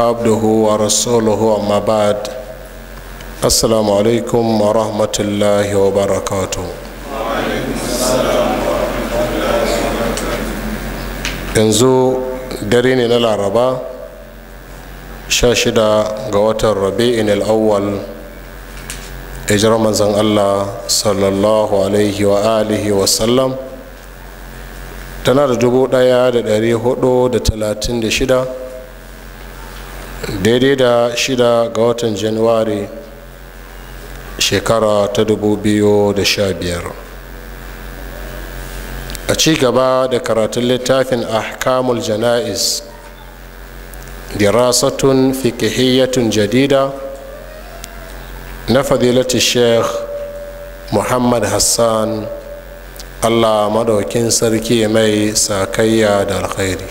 عبده ورسوله أما بعد السلام عليكم ورحمة الله وبركاته yanzu dare ne na laraba 16 ga watan rabi'in al'awwal hijirar manzan allah sallallahu alaihi wa alihi wasallam tana da 1436 daidai da shida ga watan januwari shekara ta dubu biyu da sha biyar a ci gaba da karatun littafin ahkamul jana'iz dirasatun fikihiyatun jadida na fadilati sheikh muhammad hassan allah madaukin sarki mai sakayya da alkhairi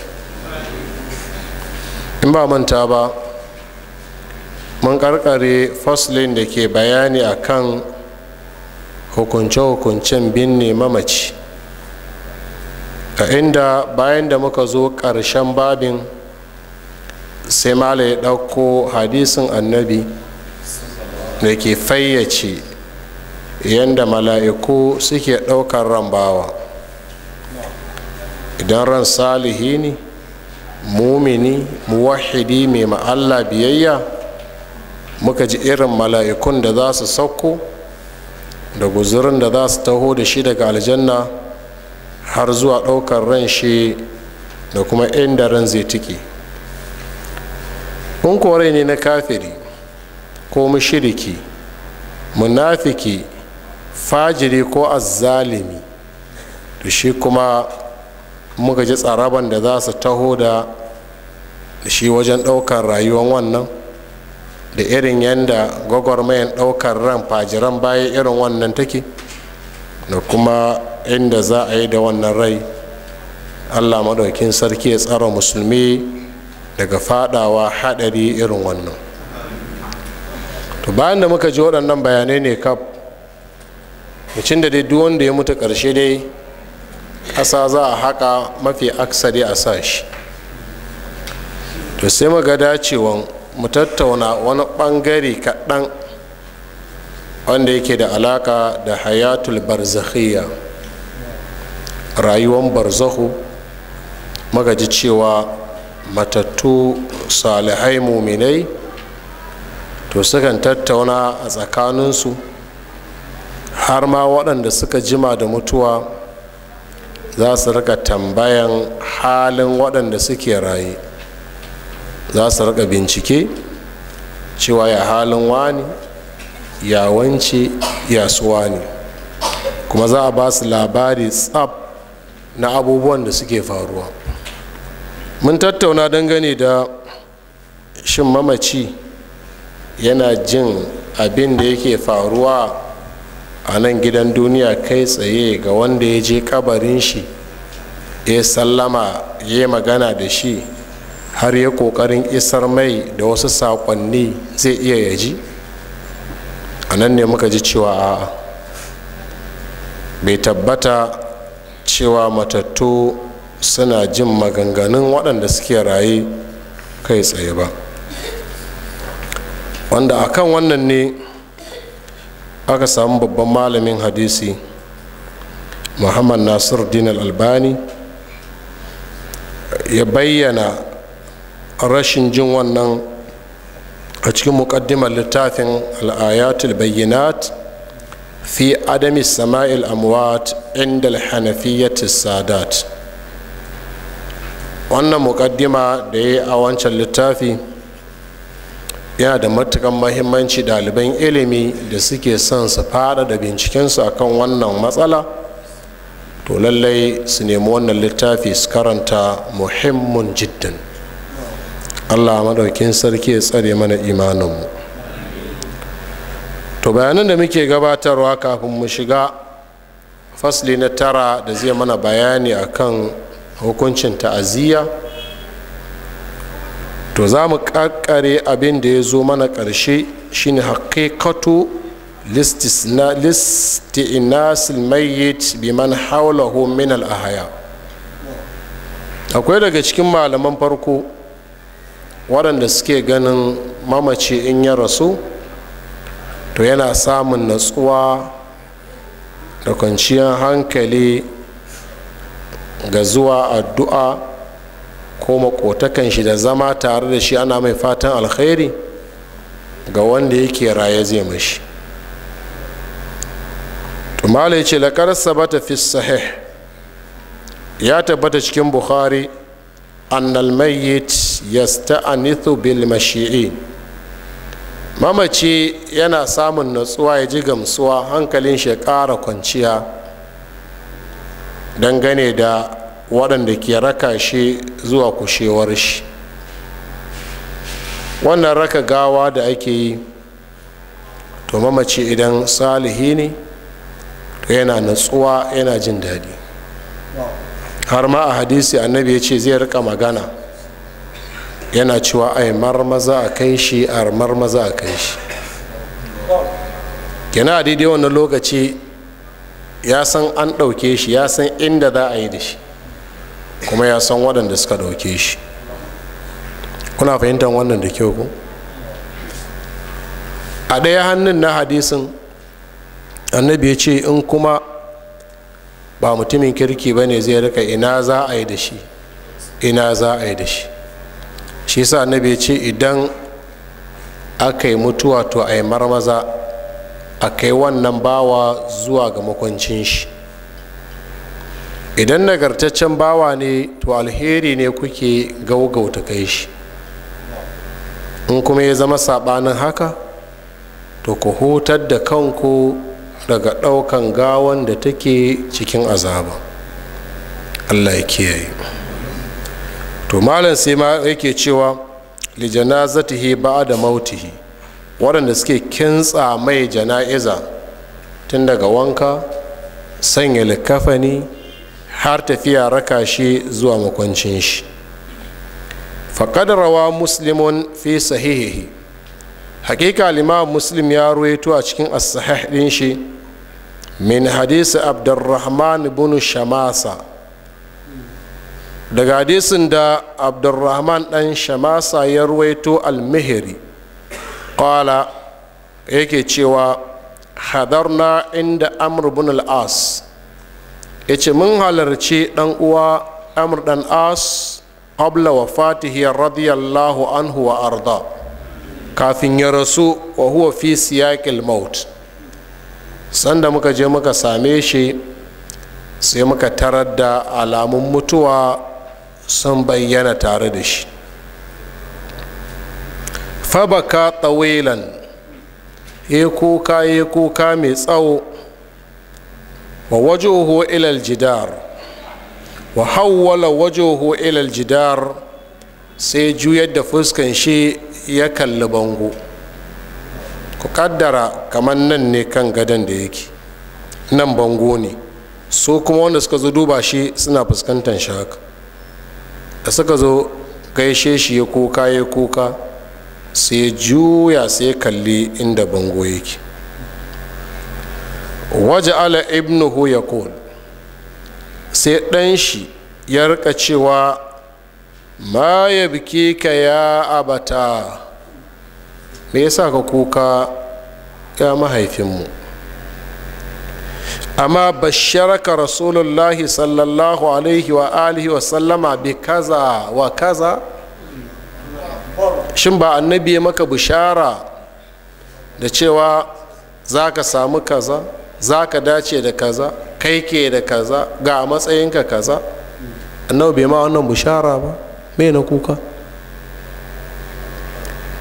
in ba manta ba mun karkare faslin da ke bayani a kan hukunce-hukuncen binne mamaci a inda bayan da muka zo ƙarshen babin sai mala ya ɗauko hadisin annabi da ke fayyace yadda mala'iku suke ɗaukar ran bawa idan ran salihi ne mumini muwahidi mai ma'alla biyayya muka ji irin mala'ikun da za su sauko da guzurin da za su taho da shi daga aljanna har zuwa ɗaukar ran shi da kuma inda ran zai tiki in kore ne na kafiri ko mushiriki munafiki fajiri ko azzalimi da shi kuma muka ji tsaraban da za su taho da shi wajen ɗaukar rayuwar wannan da irin yadda gwagwarmayan ɗaukar ran fajiran baya irin wannan take da kuma inda za a yi da wannan rai allah maɗaukin sarki ya tsara musulmi daga fadawa haɗari irin wannan bayan da muka ji waɗannan bayanai ne kaf mucin da dai duk wanda ya mutu ƙarshe dai ƙasa za a haƙa mafi aksari a sa shi to sai muga dacewan mu tattauna wani ɓangare kaɗan wanda yake da alaka da hayatul barzakhiyya rayuwan barzahu magaji cewa matattu salihai muminai to sukan tattauna a tsakaninsu har ma waɗanda suka jima da mutuwa za su rika tambayan halin waɗanda suke raye za su rika bincike cewa ya halin wani ya wance ya su ne kuma za a ba su labari tsab na abubuwan da suke faruwa mun tattauna dangane da shin mamaci yana jin abin da yake faruwa a nan gidan duniya kai tsaye ga wanda ya je kabarin shi ya sallama ya magana da shi har ya kokarin isar mai da wasu sakonni zai iya yaji a nan ne muka ji cewa a bai tabbata cewa matattu suna jin maganganun waɗanda suke raye kai tsaye ba wanda akan wannan ne aka samu babban malamin hadisi muhammad Nasiru dinar albani ya bayyana rashin jin wannan a cikin muƙaddimar littafin al'ayatul bayyanat fi adami sama'il amwat inda hanafiyyati sadat wannan muƙaddima da ya yi a wancan littafi yana da matukan mahimmanci ɗaliban ilimi da suke son su fada da bincikensu a kan wannan matsala to lallai su nemi wannan littafi su karanta muhimmin jiddin. allah maɗaukin sarki ya tsare mana imaninmu to bayanan da muke gabatarwa kafin mu shiga fasli na tara da zai mana bayani akan hukuncin ta'aziyya to za mu ƙaƙƙare abin da ya zo mana ƙarshe shine haƙiƙatu listi'inasil mayyit biman haula homenal a haya akwai daga cikin malaman farko waɗanda suke ganin mamaci in ya rasu to yana samun natsuwa da kwanciyar hankali ga zuwa addu'a ko makotakan shi da zama tare da shi ana mai fatan alkhairi ga wanda yake raye zai mashi tumala ya ce laƙar sabata fi sahih ya tabbata cikin buhari أن الميت يستأنث بالمشيئين mamaci yana samun natsuwa ya ji gamsuwa hankalin shi ƙara kwanciya dangane da waɗanda ke raka shi zuwa kushewar shi wannan raka gawa da ake yi to mamaci idan salihi ne to yana natsuwa yana jin daɗi har ma a hadisi annabi ya ce zai rika magana yana cewa ai marmaza a kai shi a marmaza a kai shi gina a daidai wannan lokaci ya san an ɗauke shi ya san inda za a yi da shi kuma ya san waɗanda suka ɗauke shi kuna fahimtar wannan da kyau ku a ɗaya hannun na hadisin annabi ya ce in kuma ba mutumin kirki ba ne zai rika ina za a yi da shi ina za a yi da shi shi sa annabi ce idan aka yi mutuwa to a yi marmaza a kai wannan bawa zuwa ga makwancin shi idan nagartaccen bawa ne to alheri ne kuke gaugauta kai shi in kuma ya zama saɓanin haka to ku hutar da kanku daga ɗaukan gawan da take cikin azaba allah ya kiyaye to malam sai ma yake cewa lijana ba da mautihi waɗanda suke kintsa mai jana'iza tun daga wanka sanya likafani har tafiya raka shi zuwa makwancin shi faƙad rawa muslimun fi sahihihi hakika limam muslim ya ruwaito a cikin as-sahih din shi min hadisi abdurrahman bin shamasa daga hadisin da abdurrahman dan shamasa ya ruwaito almihiri ƙwala yake cewa hadarna inda amr bin al'as ya ce mun halarci dan uwa amr dan as qabla wa fatihiyar radiyallahu anhu wa arda kafin ya rasu wa huwa fi siyaqil maut sanda muka je muka same shi sai muka tarar da alamun mutuwa sun bayyana tare da shi fabaka tsawilan ya kuka ya kuka mai tsawo wa wajohu ilal jidar wa hawwala wajohu ilal jidar sai juyar da fuskan shi ya kalli bango ku kaddara kamar nan ne kan gadon da yake nan bango ne su kuma wanda suka zo duba shi suna fuskantar shi da suka zo gaishe shi ya kuka ya kuka sai juya sai kalli inda bango yake waje ala ibnuhu ya sai ɗan shi ya rika cewa ma ya bike ka ya abata me yasa ka kuka ya mahaifinmu amma basharaka rasulullahi sallallahu alaihi wa alihi wa sallama bi kaza wa kaza shin ba annabi ya maka bishara da cewa za ka samu kaza za ka dace da kaza kai ke da kaza ga matsayinka kaza annabi ma wannan bishara ba me na kuka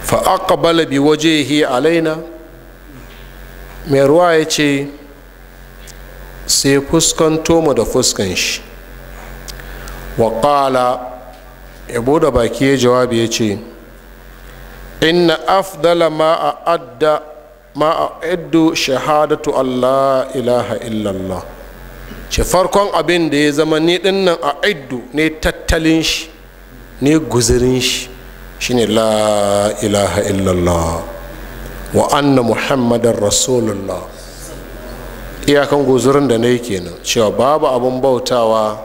fa waje waje yi alaina mai ruwa ya ce sai fuskanto mu da fuskan shi wa ya bude baki ya jawabi ya ce inna afdala ma a adda ma a'addu shahadatu Allah ilaha illallah ce farkon abin da ya zama ni dinnan iddo ne tattalin shi ne guzirin shi shine la ilaha illallah wa anna muhammadar rasulullah iyakan guzurin da na yi kenan cewa babu abin bautawa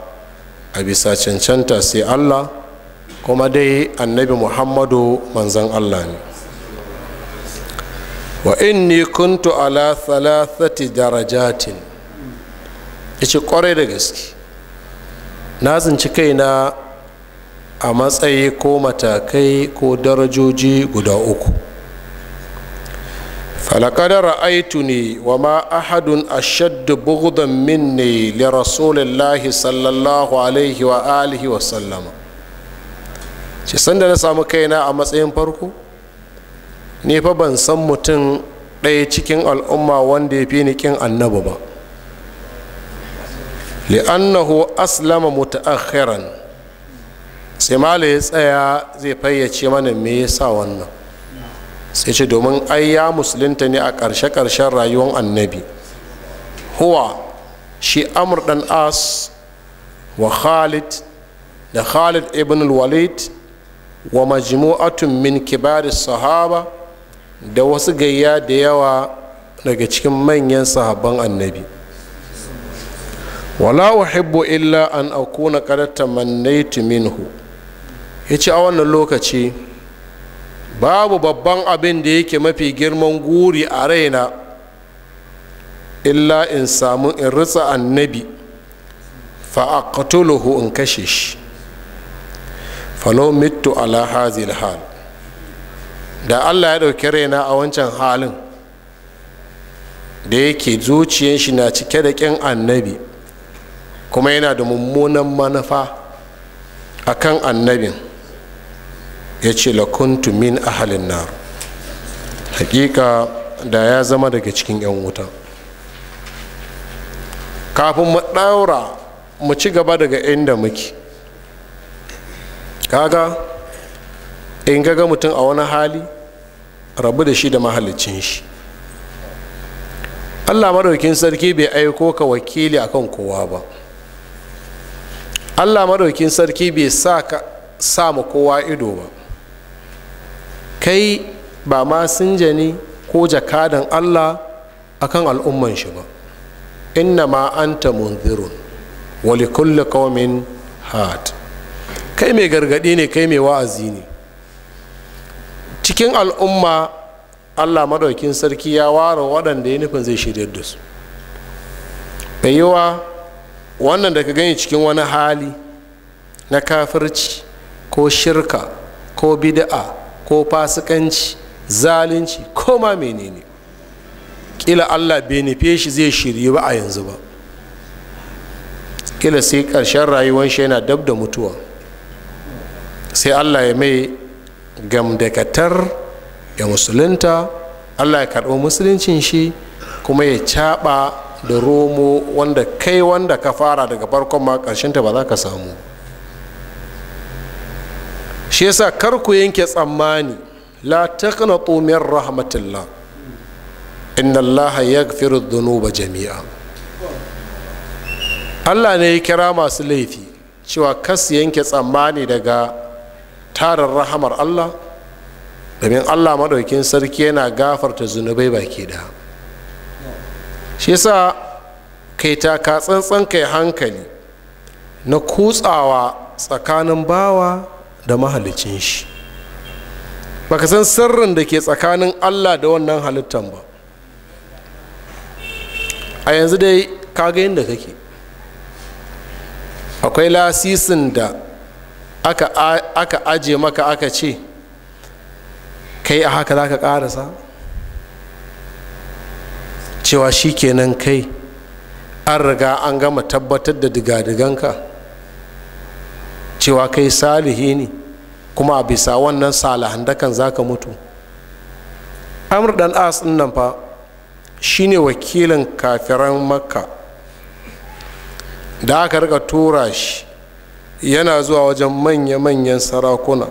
a bisa cancanta sai allah kuma dai annabi muhammadu manzan allah ne wa inni kuntu ala thalathati darajatin ya ce kwarai da gaske na tsinci kaina a matsayi ko matakai ko darajoji guda uku falakadar ne wa ma ahadun ashaddu min ne li rasulillahi sallallahu alaihi wa alihi wa sallama ce sanda na samu kaina a matsayin farko ni fa ban san mutum ɗaya cikin al'umma wanda ya fi ni kin annabi ba li'annahu aslama mutaakhiran sai mala ya tsaya zai fayyace mana me yasa wannan sai ce domin ai ya musulunta ne a ƙarshe-ƙarshen rayuwar annabi huwa shi amur ɗan as wa khalid da khalid ibn walid wa majmu'atun min kibari sahaba da wasu gayya da yawa daga cikin manyan sahabban annabi wala uhibbu illa an akuna qad tamannaytu minhu ya ce a wannan lokaci babu babban abin da yake mafi girman guri a raina illa in samu in ritsa annabi fa'aqtuluhu in kashe shi falau mittu ala hazil hal da allah ya ɗauki raina a wancan halin da yake zuciyar shi na cike da ƙin annabi kuma yana da mummunan manufa a kan annabin ya ce lakuntu min ahalin na hakika da ya zama daga cikin 'yan wuta kafin mu daura mu ci gaba daga inda muke kaga in gaga mutum a wani hali rabu da shi da mahallicin shi allah maraukin sarki bai aiko ka wakili akan kowa ba allah maraukin sarki bai sa ka sa kowa ido ba kai ba ma sun ne ko jakadan allah akan al'umman shi ba inna ma an ta munzirun wali kulle kawamin had kai mai gargaɗi ne kai mai wa'azi ne cikin al'umma allah maɗaukin sarki ya ware waɗanda ya nufin zai shirya da su yiwa wannan da ka gani cikin wani hali na kafirci ko shirka ko bid'a ko fasikanci zalunci ko ma menene kila allah bai shi zai shirye ba a yanzu ba kila sai ƙarshen rayuwar shi yana dab da mutuwa sai allah ya mai gamdakatar ya musulunta allah ya karɓi musuluncin shi kuma ya caɓa da romo wanda kai wanda ka fara daga farkon ma ƙarshenta ba za ka samu ba shi yasa kar ku yanke tsammani la taqnatu min rahmatillah inna allaha yaghfiru dhunuba jami'a Allah ne ya kira masu laifi cewa kas yanke tsammani daga tarin rahamar Allah domin Allah madaukin sarki yana gafarta zunubai baki da shi yasa kai ta ka tsantsan kai hankali na kutsawa tsakanin bawa da mahalicin shi baka san sirrin da ke tsakanin allah da wannan halittan ba a yanzu dai kaga yadda kake akwai lasisin da aka, aka aje maka aka ce kai a haka za ka karasa cewa shi kenan kai an riga an gama tabbatar da digadiganka cewa kai salihi ne kuma a bisa wannan salihan dakan za ka mutu amr dan as nan fa shine wakilin kafiran makka da aka rika tura shi yana zuwa wajen manya-manyan sarakuna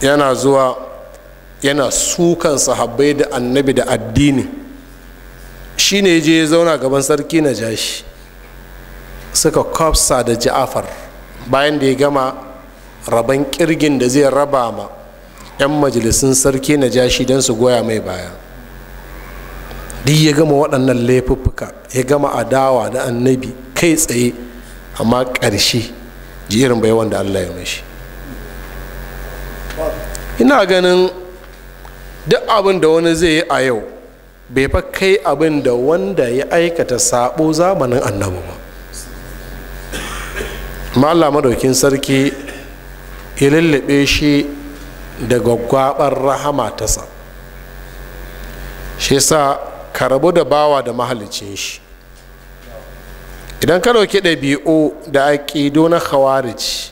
yana zuwa yana sukan sahabbai da annabi da addini shine je zauna gaban sarki na jashi suka kwafsa da ja'afar bayan da ya gama rabon kirgin da zai raba ma 'yan majalisun sarki na jashi don su goya mai baya duk ya gama waɗannan laifuffuka ya gama adawa da annabi kai tsaye amma ƙarshe ji irin bai wanda allah ya mashi ina ganin duk abin da wani zai yi a yau bai fa kai abin da wanda ya aikata sabo zamanin annabi ba amma allah madaukin sarki ya lullube shi da gwaggwabar rahama tasa shi sa ka rabu da bawa da mahalicin shi idan ka ɗauki ɗabi'u da aƙido na khawarij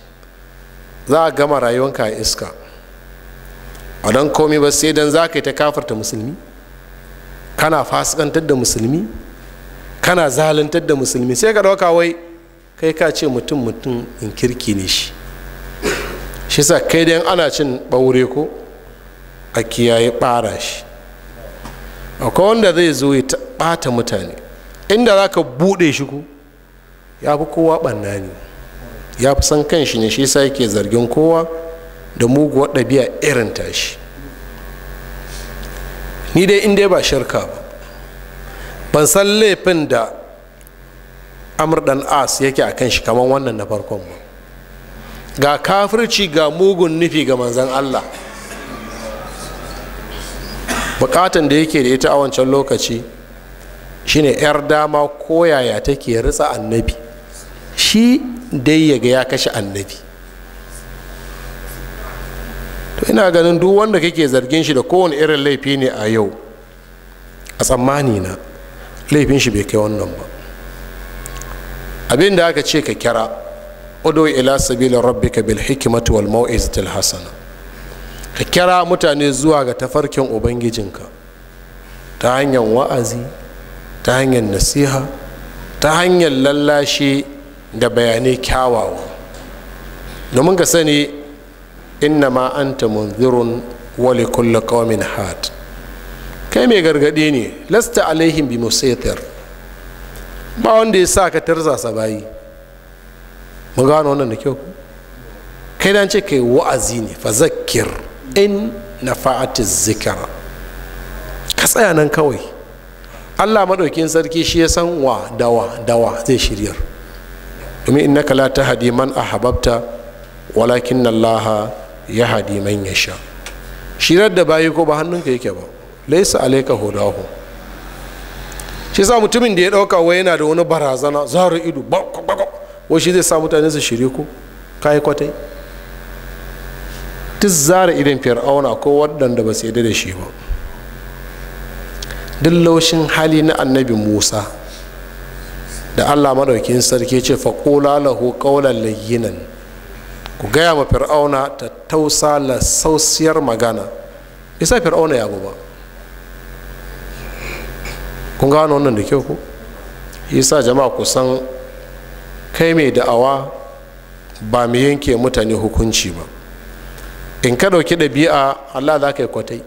za a gama rayuwanka a iska a don komi ba sai don za ka yi ta kafarta musulmi kana fasikantar da musulmi kana zaluntar da musulmi sai ka ɗauka wai kai ka ce mutum mutum in kirki ne shi shi sa kai dai ana cin ɓaure ko a kiyaye ɓara shi akwai wanda zai zo ya ɓata mutane inda za ka buɗe shi ku ya fi kowa ɓanna ne ya fi san kan shi ne shi sa yake zargin kowa da muguwar ɗabi'a irin tashi ni dai in ba shirka ba ban san laifin da amur dan as yake a kan shi kamar wannan na farkon ba ga kafirci ga mugun nufi ga manzan allah bukatan da yake da ita a wancan lokaci shine yar dama koyaya take ritsa annabi shi dai yaga ya kashe annabi to ina ganin duk wanda kake zargin shi da kowane irin laifi ne a yau a tsammani na laifin shi bai kai wannan ba abin da aka ce ka kira udu ila sabila rabbika bil hikimati wal mau'izatil hasana ka kira mutane zuwa ga tafarkin ubangijinka ta hanyar wa'azi ta hanyar nasiha ta hanyar lallashi da bayanai kyawawa domin ka sani inna ma anta munzirun wali kulli qaumin hat kai mai gargadi ne lasta alaihim bi musaitir ba wanda ya sa ka tarzasa bayi mu gano wannan da kyau kai dan ce kai wa'azi ne fa zakir in nafa'ati zikara ka tsaya nan kawai Allah madaukin sarki shi ya san wa dawa dawa zai shiryar domin innaka la tahdi man ahbabta walakin Allah ya hadi man sha. shirar da bayi ko ba hannunka yake ba laisa alayka hudahu shi sa mutumin da ya dauka wai yana da wani barazana zaro ido wai shi zai sa mutane su shirye ko kayi kwatai duk zara idan fir'auna ko wadanda ba su da shi ba duk laushin hali na annabi musa da allah madaukin sarki ce faƙola lahu ƙaunar layyinan ku gaya ma fir'auna ta tausa lasausiyar magana isa fir'auna ya ba kun gano wannan da kyau ku yasa jama'a kusan kai mai da'awa ba mu yanke mutane hukunci ba in ka ɗauki ɗabi'a allah za ka yi kwatai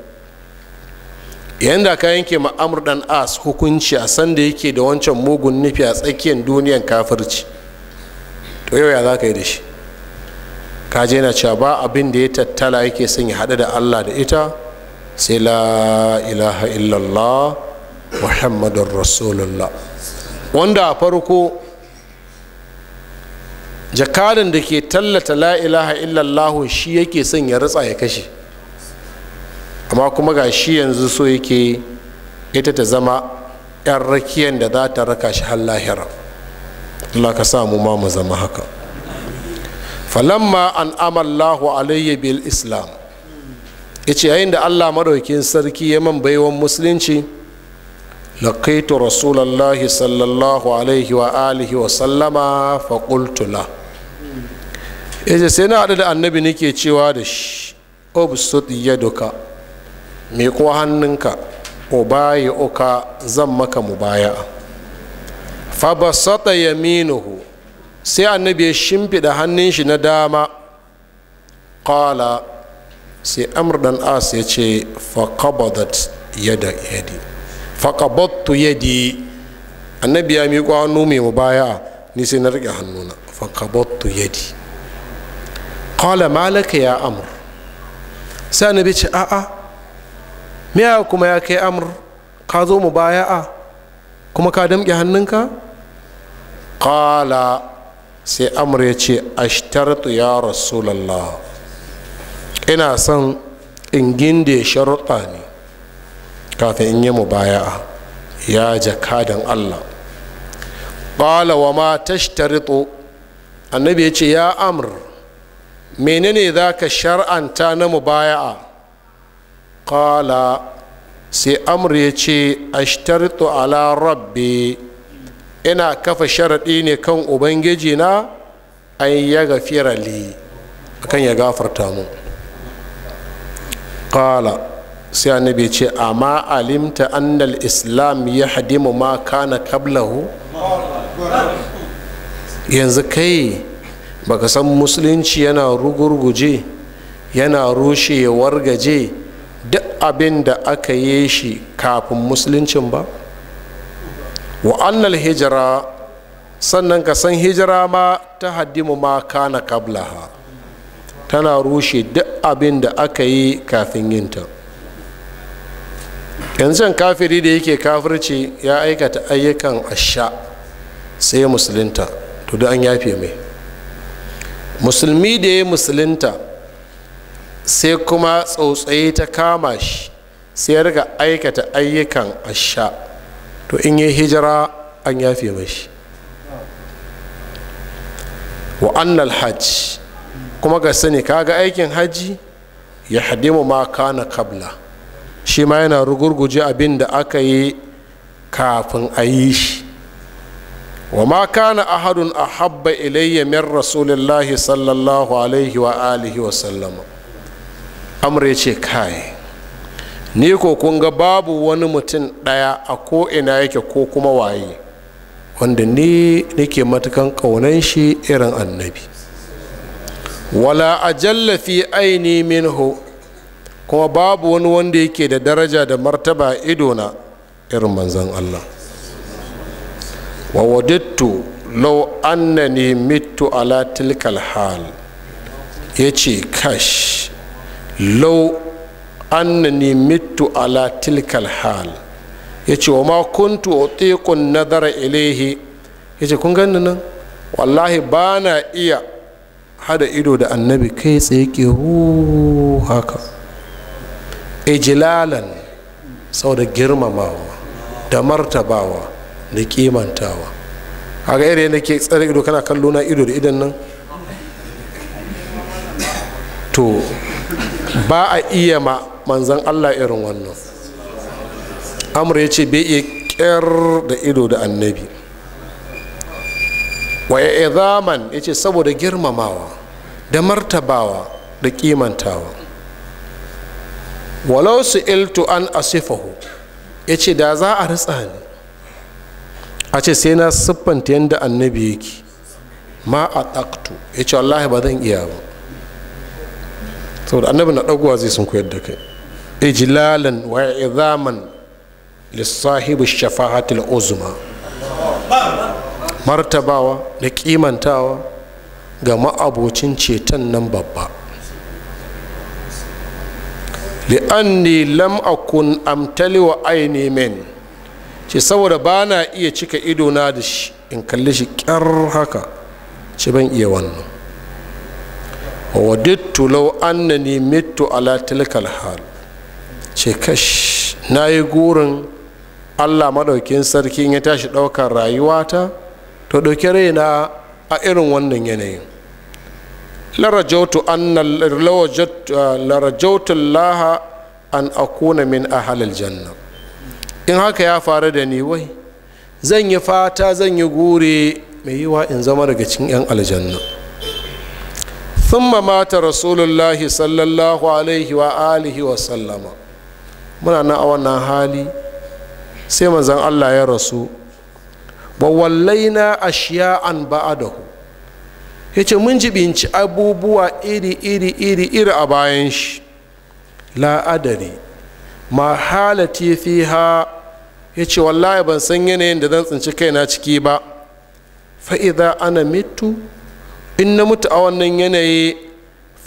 yayin da ka yanke ma'amur ɗan as hukunci a sanda yake da wancan mugun nufi a tsakiyar duniyan kafirci to yau ya za ka yi da shi ka je na cewa ba abin da ya tattala yake son ya haɗu da allah da ita sai la ilaha illallah muhammadun rasulullah wanda a farko jakadan da ke tallata la'ilaha ilaha illallah shi yake son ya ritsa ya kashe amma kuma ga shi yanzu so yake ita ta zama 'yan rakiyan da za ta raka shi har lahira Allah ka samu ma mu zama haka falamma an amallahu alayya bil islam ya ce yayin da allah maɗaukin sarki ya man baiwan musulunci لقيت رسول الله صلى الله عليه وآله وسلم فقلت له yace sai na haɗu da annabi nake cewa da shi obsut yaduka mai kuwa hannunka ubaye uka zan maka mubaya fabasata yaminuhu sai annabi ya shimfiɗa hannun shi na dama ƙala sai amr dan as ya ce faqabadat yada yadi faqabattu yadi annabi ya miƙo hannu mai mubaya ni sai na riƙe hannuna faqabattu yadi qala malaka ya amr sai annabi ce a'a me ya kuma ya kai amr ka zo mu baya a kuma ka damƙe hannunka qala sai amr ya ce ashtartu ya rasulallah ina son in ginde sharuɗa ne kafin in yi mubaya'a ya jakadan allah qala wa ma tashtaritu annabi ya ce ya amr menene zaka shar'anta na mubaya'a qala sai amr ya ce ashtarito ala rabbi ina kafa sharaɗi ne kan ubangiji na an ya gafira akan ya gafarta mu qala sai annabi ya ce amma alimta annal islam ya hadimu ma kana kablahu yanzu kai baka san musulunci yana rugurguje yana rushe ya wargaje duk abin da aka yi shi kafin musuluncin ba wa annal hijira sannan ka san hijira ma ta haddimu ma kana kablaha tana rushe duk abin da aka yi kafin yinta yanzu kafiri da yake kafirci ya aikata ayyukan asha sai musulunta to da an yafe mai musulmi da ya musulunta sai kuma tsautsaye ta kama shi sai ya riga aikata ayyukan asha to in yi hijira an yafe shi wa annal hajj kuma ga sani kaga aikin hajji ya hadimu ma kana kabla shi ma yana rugurguje abin da aka yi kafin a yi shi wa ma kana ahadun ahabba ilayya min rasulillahi sallallahu alaihi wa alihi wa sallama amre ce kai ni ko kun ga babu wani mutum ɗaya a ko ina yake ko kuma waye wanda ni nake matukan ƙaunan shi irin annabi wala ajalla fi aini minhu kuma babu wani wanda yake da daraja da martaba idona irin manzan Allah wa wadattu law annani mitu ala tilkal hal ya ce kash law annani mitu ala tilkal hal ya ce wa ma kuntu tekun nazara ilaihi ya ce kun gani nan wallahi ba na iya hada ido da annabi kai tsaye ke haka ijilalan sau da girmamawa da martabawa da kimantawa a ga irin da ke tsare ido kana kallo na ido da idan nan to ba a iya ma manzan allah irin wannan amur ya ce bai iya kyar da ido da annabi wa ya zaman ya ce saboda girmamawa da martabawa da kimantawa walau su iltu an asifahu ya ce da za a ritsa ni a ce sai na siffanta yadda annabi yake ma a ɗaktu ya ce wallahi ba zan iya ba saboda annabi na ɗaguwa zai sun koyar da kai ijilalan wa izaman lissahibu shafa'atul uzma martabawa da kimantawa ga ma'abocin ceton nan babba li'anni lam akun amtali wa aini min ce saboda ba na iya cika idona da shi in kalli shi kyar haka ce ban iya wannan wadittu law annani mitu ala tilkal hal ce kash na yi gurin allah maɗaukin sarki ya tashi ɗaukar rayuwata ta ɗauki raina a irin wannan yanayin larajautu laha an akuna min ahalal janna in haka ya faru da ni wai zan yi fata zan yi gure mai yiwa in zama daga cikin 'yan aljanna thumma mata rasulullahi sallallahu alaihi wa alihi wa sallama muna na a wannan hali sai manzan allah ya rasu na wallaina an ba'adahu ya ce mun jibinci abubuwa iri iri iri iri a bayan shi la'adari ma halati ha ya ce wallahi ban san yanayin da zan tsinci kai na ciki ba fa'iza ana mitu in na mutu a wannan yanayi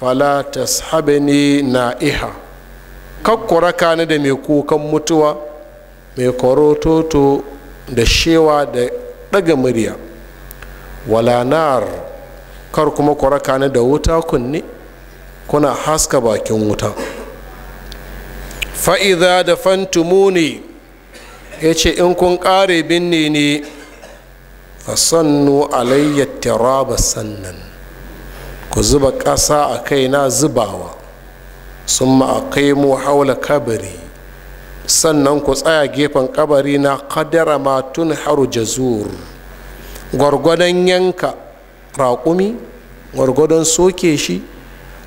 falatas ne na iha kakkura kane da mai kukan mutuwa mai korototo da shewa da ɗaga murya walanar. kar kuma ku raka ni da wuta kunne kuna haska bakin wuta fa'iza da ne. ya ce in kun ƙare binne ne fasannu alayya tiraba sannan ku zuba ƙasa a kai na zubawa sun ma'akai mu haula kabari sannan ku tsaya gefen kabari na kadara matun haru jazur gwargwadon yanka raƙumi gwargwadon soke shi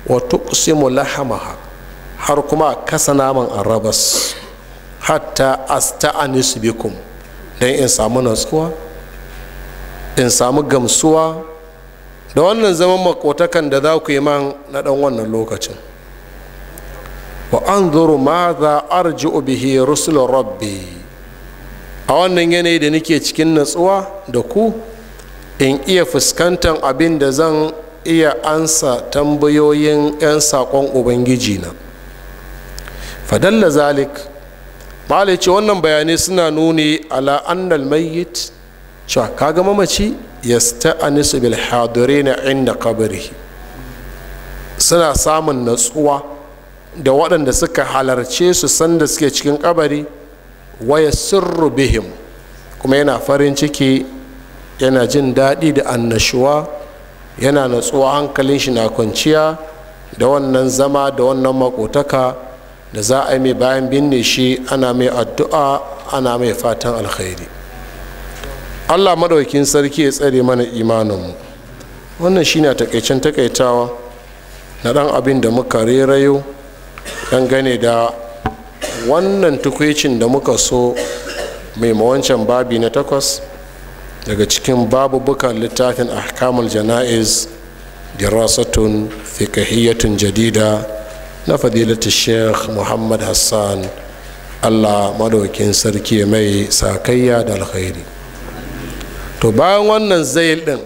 wa tuqsimu lahamaha har kuma a kasa naman arabas hatta asta'anisu bikum don in samu natsuwa in samu gamsuwa da wannan zaman makotakan da za ku yi man na ɗan wannan lokacin wa an zuru ma za arji bihi rusulun rabbi a wannan yanayi da nake cikin natsuwa da ku in iya fuskantar abin da zan iya ansa tambayoyin 'yan saƙon ubangiji na fadalla zalik ce wannan bayanai suna nuni ala annal mayyit cewa kaga mamaci ya sta'anisu bil na inda kabari suna samun natsuwa da waɗanda suka halarce su sanda suke cikin kabari waya sirru bihim kuma yana farin ciki yana jin daɗi da annashuwa yana natsuwa hankalin shi na kwanciya da wannan zama da wannan makotaka da za a yi mai bayan binne shi ana mai addu'a ana mai fatan alkhairi allah maɗaukin sarki ya tsare mana imaninmu wannan shi shine takaicen takaitawa na ɗan abin da muka rerayo dangane da wannan tukwicin da muka so mai mawancan babi na takwas daga cikin babu bukan littafin ahkamul jana'iz dirasatun fikahiyatun jadida na fadilatu sheikh muhammad hassan allah madaukin sarki mai sakayya da alkhairi to bayan wannan zai din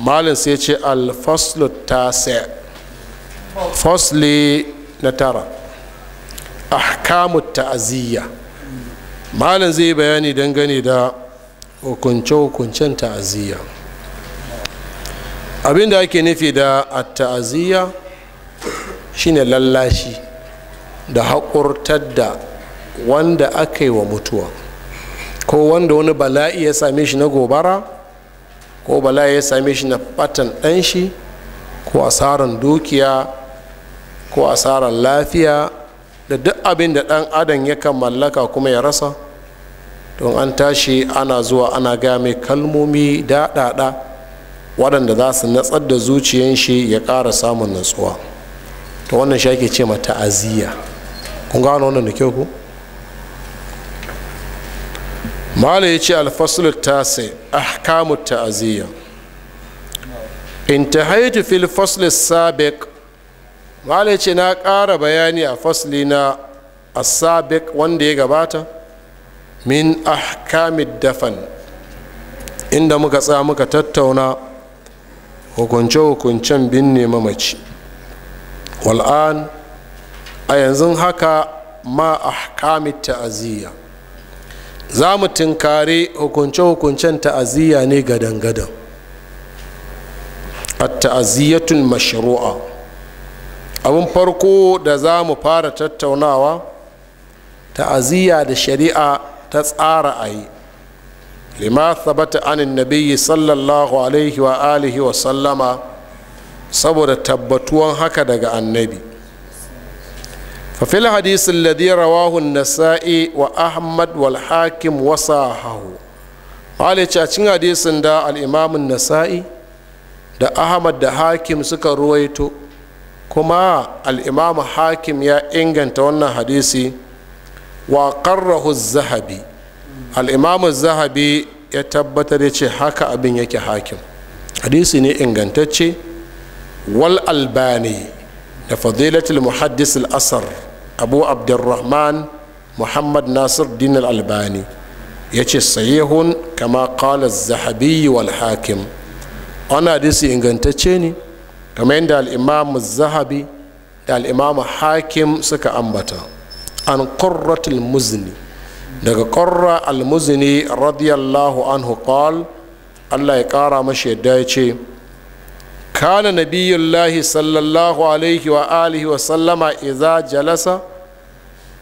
malin sai ce alfaslu tasi fasli na tara ahkamu ta'aziyya malin zai bayani dangane da hukunce-hukuncen ta'aziyya da ake nufi da a ta'aziyya shine lallashi da haƙurtar da wanda aka yi wa mutuwa ko wanda wani bala'i ya same shi na gobara ko bala'i ya same shi na batan ɗan ko asarar dukiya ko asarar lafiya da duk abin da ɗan adam ya kan mallaka kuma ya rasa Don an tashi ana zuwa ana gaya mai kalmomi daɗaɗa waɗanda za su natsar da zuciyan shi ya ƙara samun natsuwa to wannan shi ake ce mata aziya kun gano wannan da kyau ku mala ya ce alfasul tasi ahkamu ta'aziyya intahaitu fil fasl sabiq mala ya ce na ƙara bayani a fasli na asabiq wanda ya gabata min ahkamid dafan inda muka tsaya muka tattauna hukunce-hukuncen binne mamaci wal'an a yanzu haka ma ahkamit ta'aziyya za mu tunkare hukunce-hukuncen ta'aziyya ne gadan-gadan a ta'aziyyatun mashru'a abin farko da za mu fara tattaunawa ta'aziyya da shari'a ta tsara a yi lima thabata anin nabiyyi sallallahu alaihi wa alihi wa sallama saboda tabbatuwan haka daga annabi fafil hadisin ladhi rawahun nasa'i wa ahmad wal hakim wasahahu malice a cikin hadisin da al'imamin nasa'i da ahmad da hakim suka ruwaito kuma al'imamu hakim ya inganta wannan hadisi wa zahabi al zahabi ya tabbatar ya ce haka abin yake hakim hadisi ne ingantacce wal albani da fadilatul muhaddis al'asar asar abu abdurrahman muhammad nasir din al-albani ya ce hun kama kala zahabi wal hakim wani hadisi ingantacce ne kamar yadda al’imamu zahabi da al hakim suka ambata an qurratul muzni daga qurra al muzni radiyallahu anhu qal Allah ya kara mashi yadda ya ce kana nabiyullahi sallallahu alaihi wa alihi wa sallama idza jalasa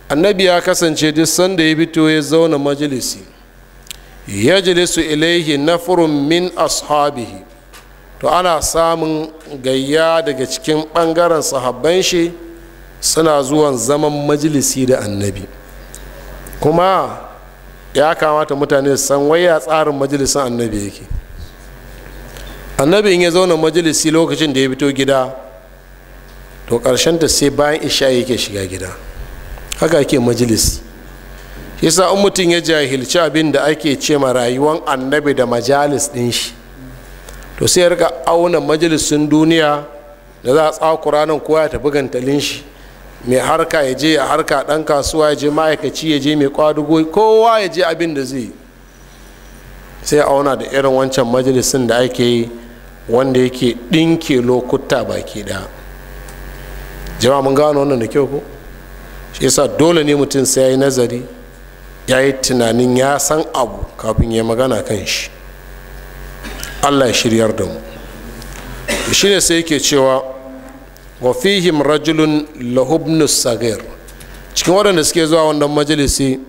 annabi ya kasance duk sanda ya fito ya zauna majalisi yajlisu ilaihi nafrun min ashabihi to ana samun gayya daga cikin ɓangaren sahabban shi suna zuwan zaman majalisi da annabi kuma ya kamata mutane su san waya tsarin majalisin annabi yake annabi in ya zauna majalisi lokacin da ya fito gida to ta sai bayan isha yake shiga gida haka ake majalisi yasa in mutum ya jahilci abin da ake ce ma rayuwan annabi da majalis ɗin shi to sai ya rika auna majalisin duniya da za a tsakura nan kowa ya tafi gantalin shi mai harka ya je ya harka ɗan kasuwa ya je ma'aikaci ya je mai kwadugo kowa ya je abin da zai sai auna da irin wancan majalisin da ake yi wanda yake ɗinke lokuta baki ɗaya Jama mun gano wannan da kyau ko shi yasa dole ne mutum sai ya yi nazari ya yi tunanin ya san abu kafin ya magana kan shi allah ya shiryar da mu shi ne sai yake cewa wa fihim rajulun lahubnu sagir cikin waɗanda suke zuwa wannan majalisi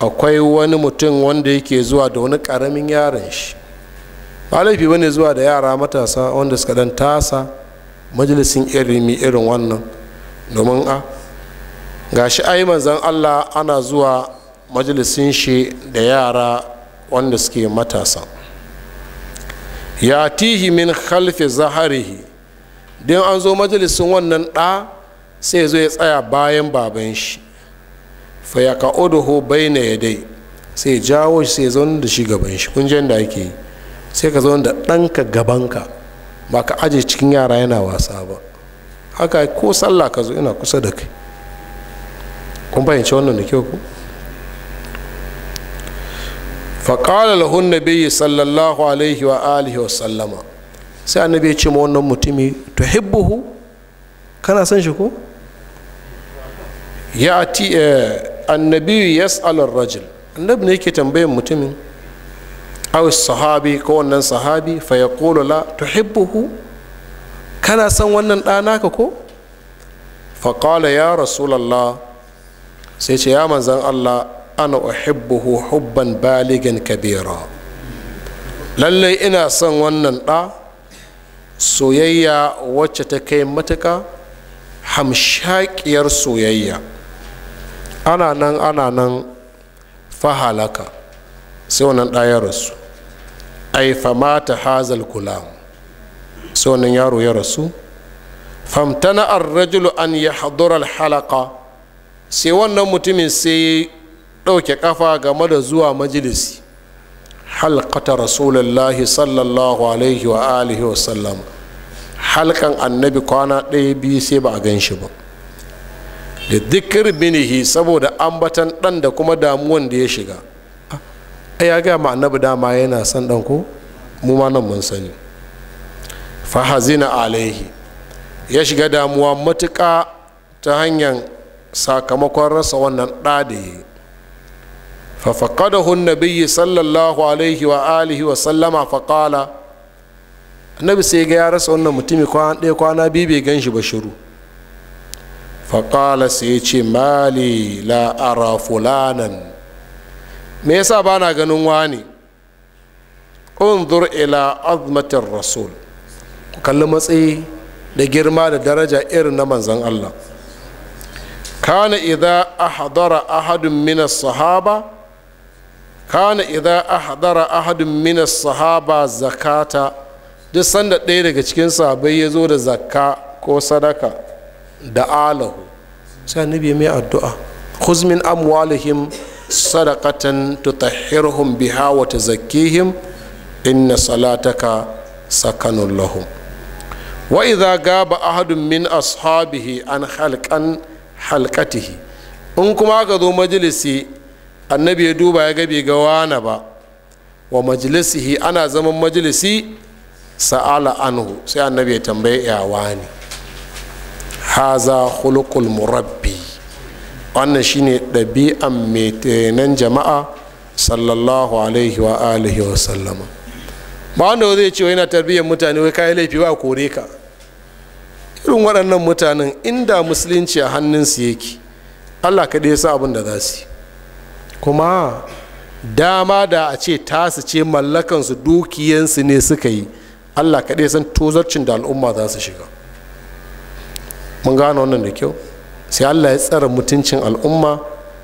akwai wani mutum wanda yake zuwa da wani ƙaramin yaran shi ba wani zuwa da yara matasa wanda suka dan tasa majalisin irimi irin wannan domin a gashi ai manzan allah ana zuwa majalisin shi da yara wanda suke matasa ya tihi min khalfi zaharihi don an zo majalisin wannan ɗa sai zo ya tsaya bayan baban shi fa ya bai na ya dai sai jawo shi sai zaune da shi gaban shi kun da ake yi sai ka zo da ɗanka gabanka ba ka aje cikin yara yana wasa ba haka ko sallah ka zo ina kusa da kai kun fahimci wannan da kyau ku faƙalar lahun nabi sallallahu alaihi wa alihi wa sallama sai annabi ya ce ma wannan mutumi hibbuhu kana son shi ko ya ati eh, annabi yas'al ar-rajul annabi ne ke tambayan mutumin Awi sahabi ko wannan sahabi fa yaqulu la hibbuhu kana son wannan ɗana ka ko fa ya rasulallah sai ce ya manzan Allah ana uhibbuhu hubban baligin kabira lallai ina son wannan ɗa soyayya wacce ta kai matuka hamshakiyar soyayya ana nan ana nan fahalaka sai wannan ɗaya rasu ai ta hazal kulam sai wannan yaro ya rasu famtana ar-rajulu an ya hadura halaka sai wannan mutumin sai ɗauke kafa game da zuwa majalisi halkata rasulullahi sallallahu alaihi wa alihi wa sallam halkan annabi kwana ɗaya biyu sai ba a gan shi ba da dikir binihi saboda ambatan ɗan da kuma damuwan da ya shiga a ya ga ma annabi dama yana son ɗan ko mu ma nan mun sani fahazina alaihi ya shiga damuwa matuƙa ta hanyar sakamakon rasa wannan ɗa da yi fa faqadahu an sallallahu alaihi wa alihi wa sallama fa annabi sai ga ya rasa wannan mutumi kwana ɗaya kwana biyu bai gan shi ba shiru faƙala sai ya ce mali la ara fulanan me yasa ba na ganin wani unzur ila azmatin rasul ku kalli matsayi da girma da daraja irin na manzan allah kana idza ahdara ahadun min sahaba kana idza ahdara ahadun min sahaba zakata duk sanda ɗaya daga cikin sahabbai ya zo da zakka ko sadaka da alahu sai annabi mai addu'a khuz min amwalihim sadaqatan tutahhiruhum biha wa tuzakkihim inna salataka sakanun lahum wa idza gaba ahadun min ashabihi an halqan halqatihi in kuma ka zo majalisi annabi ya duba ya gabi ga wana ba wa majalisihi ana zaman majalisi sa'ala anhu sai annabi ya tambaye ya wani haza hulukul murabbi wannan shine ɗabi'an mai jama'a sallallahu alaihi wa alihi wa sallama ba wanda zai ce yana tarbiyyar mutane wai kayi laifi ba kore ka irin waɗannan mutanen inda musulunci a hannunsu yake allah kaɗai ya sa abin da za su yi kuma dama da a ce tasu ce mallakansu dukiyansu ne suka yi allah kaɗai san tozarcin da al'umma za su shiga mun gane wannan da kyau sai allah ya tsara mutuncin al'umma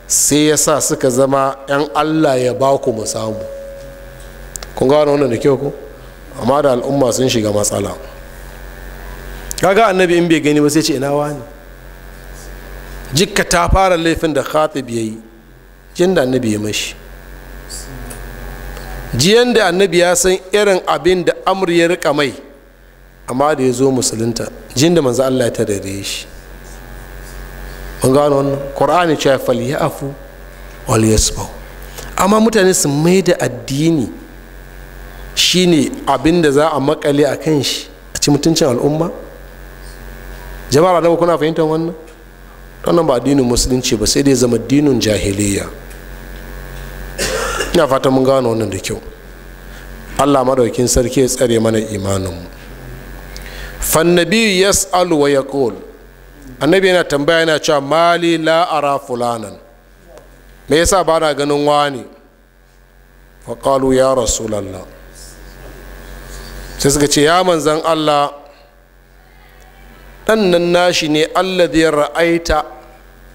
sai ya sa suka zama 'yan allah ya ba ku musamu kun gane wannan da kyau ku amma da al'umma sun shiga matsala kaga annabi in bai gani ba sai ce ina wani jikka ta fara laifin da khatib ya yi jin da annabi ya mashi jiyan da annabi ya san irin abin da amur ya rika mai amma da ya zo musulunta jin da manzo Allah ya tarare shi mun gano wannan qur'ani cewa fal ya'fu wal yasbu amma mutane su mai da addini shine abin da za a makale a kan shi a ci mutuncin al'umma jama'ar da kuna fahimtar wannan wannan ba addinin musulunci ba sai dai zama dinin jahiliya ina fata mun gano wannan da kyau allah madaukin sarki ya tsare mana imanin imaninmu fannabi yas'alu wa yaqul annabi yana tambaya yana cewa mali la ara fulanan me yasa ba na ganin wani fa qalu ya rasulullah sai suka ce ya manzan allah dan nan nashi ne allazi ra'aita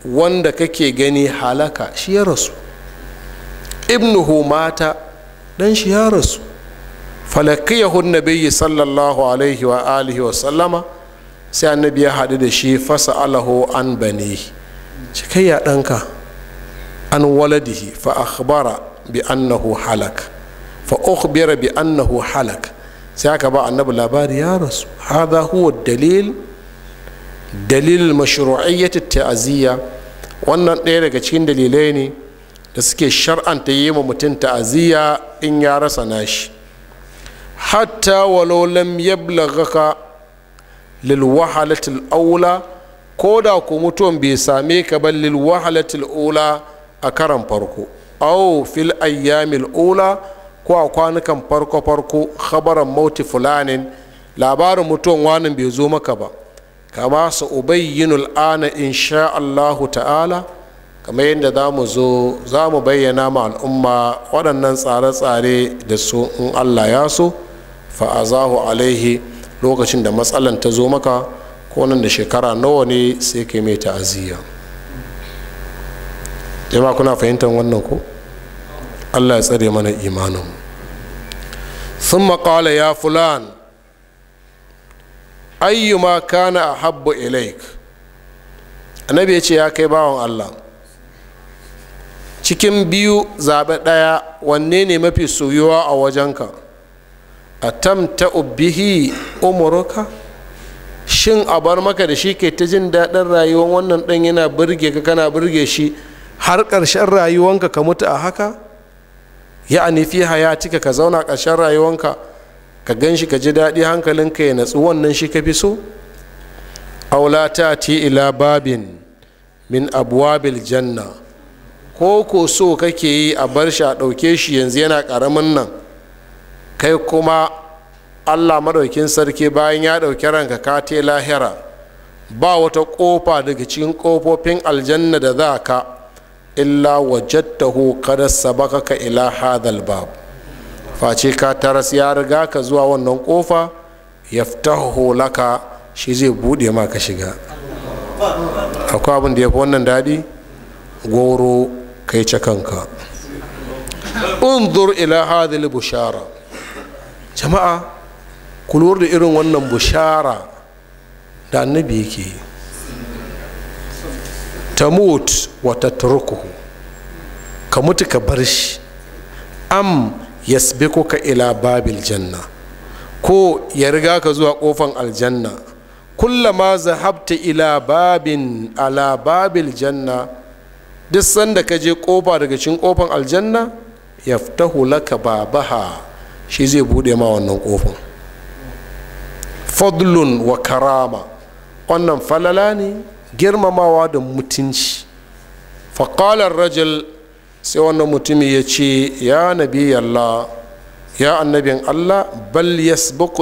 wanda kake gani halaka shi ya rasu ibnuhu mata dan shi ya rasu falakiyahu nabiyyi sallallahu alaihi wa alihi wa sallama sai annabi ya haɗu da shi fasa alahu an shi kai ya ɗanka an waladihi fa akhbara bi annahu halak fa ukhbira bi annahu halak sai aka ba annabi labari ya rasu hadha huwa dalil dalilin mashru'iyyati ta'aziyya wannan ɗaya daga cikin dalilai ne da suke shar'anta yi ma mutum ta'aziyya in ya rasa nashi hatta walau lam yablaghaka lil wahalatil aula ko da ku mutum bai same ka ba lil wahalatil aula a karan farko aw fil ayyamil ula ko a kwanukan farko farko khabaran mauti fulanin labarin mutum wanin bai zo maka ba kama su ubayyinul ana insha Allahu ta'ala kamar yadda za mu zo za mu bayyana ma al'umma waɗannan tsare-tsare da su in Allah ya so fa'azahu alaihi lokacin da matsalan ta zo maka ko nan da shekara nawa ne sai kai mai ta'aziyya jama'a kuna fahimtar wannan ku Allah ya tsare mana imanin ثم قال ya fulan. ayyuma kana a habbu ilaik annabi ya ce ya kai bawan allah cikin biyu zaɓe ɗaya wanne ne mafi soyuwa a wajenka a tamta ubihi umuruka shin a bar maka da shi ke ta jin daɗin rayuwar wannan ɗan yana birge ka kana birge shi har ƙarshen rayuwanka ka mutu a haka ya fi hayatika ka zauna ƙarshen rayuwanka ka gan shi ka ji daɗi hankalin hankalinka ya natsu wannan shi ka fi so aula ta ti ila babin min abuwabil janna ko ko so kake yi a bar shi a ɗauke shi yanzu yana ƙaramin nan kai kuma allah maɗaukin sarki bayan ya ɗauki ranka ka te lahira ba wata ƙofa daga cikin ƙofofin aljanna da za ka illa wajattahu kada sabaka ka ila hadal babu face ka taras ya riga ka zuwa wannan kofa fita laka shi zai bude ma ka shiga akwai abin da ya fi wannan daɗi goro kai ce kanka unzur ila hadhil bushara jama'a ku da irin wannan bushara da annabi yake tamut wa tatrukuhu ka mutu ka bar shi am yasbikuka ila babil janna ko ya riga ka zuwa kofan aljanna kullama zahabta ila babin ala babil janna duk sanda ka je kofa daga cikin kofan aljanna yaftahu laka babaha shi zai bude ma wannan kofan fadlun wa karama wannan falala ne girmamawa da mutunci faƙalar rajal sai wannan mutumi ya ce ya nabi Allah ya annabin Allah bal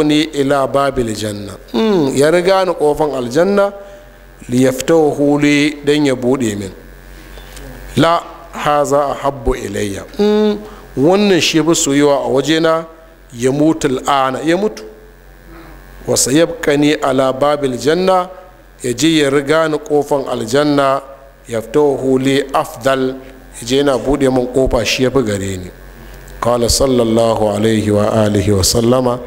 ne ila babil janna hmm, ya riga ni kofan aljanna li yaftahu li dan ya bude min la a ahabbu ilayya hmm, wannan shi bi soyuwa a wajena ya mutu al'ana ya mutu wa sayabqani ala babil janna ya je ya riga ni kofan aljanna yaftahu li afdal je na bude min kofa shi ya fi gare ni kawai sallallahu alaihi wa alihi wa sallama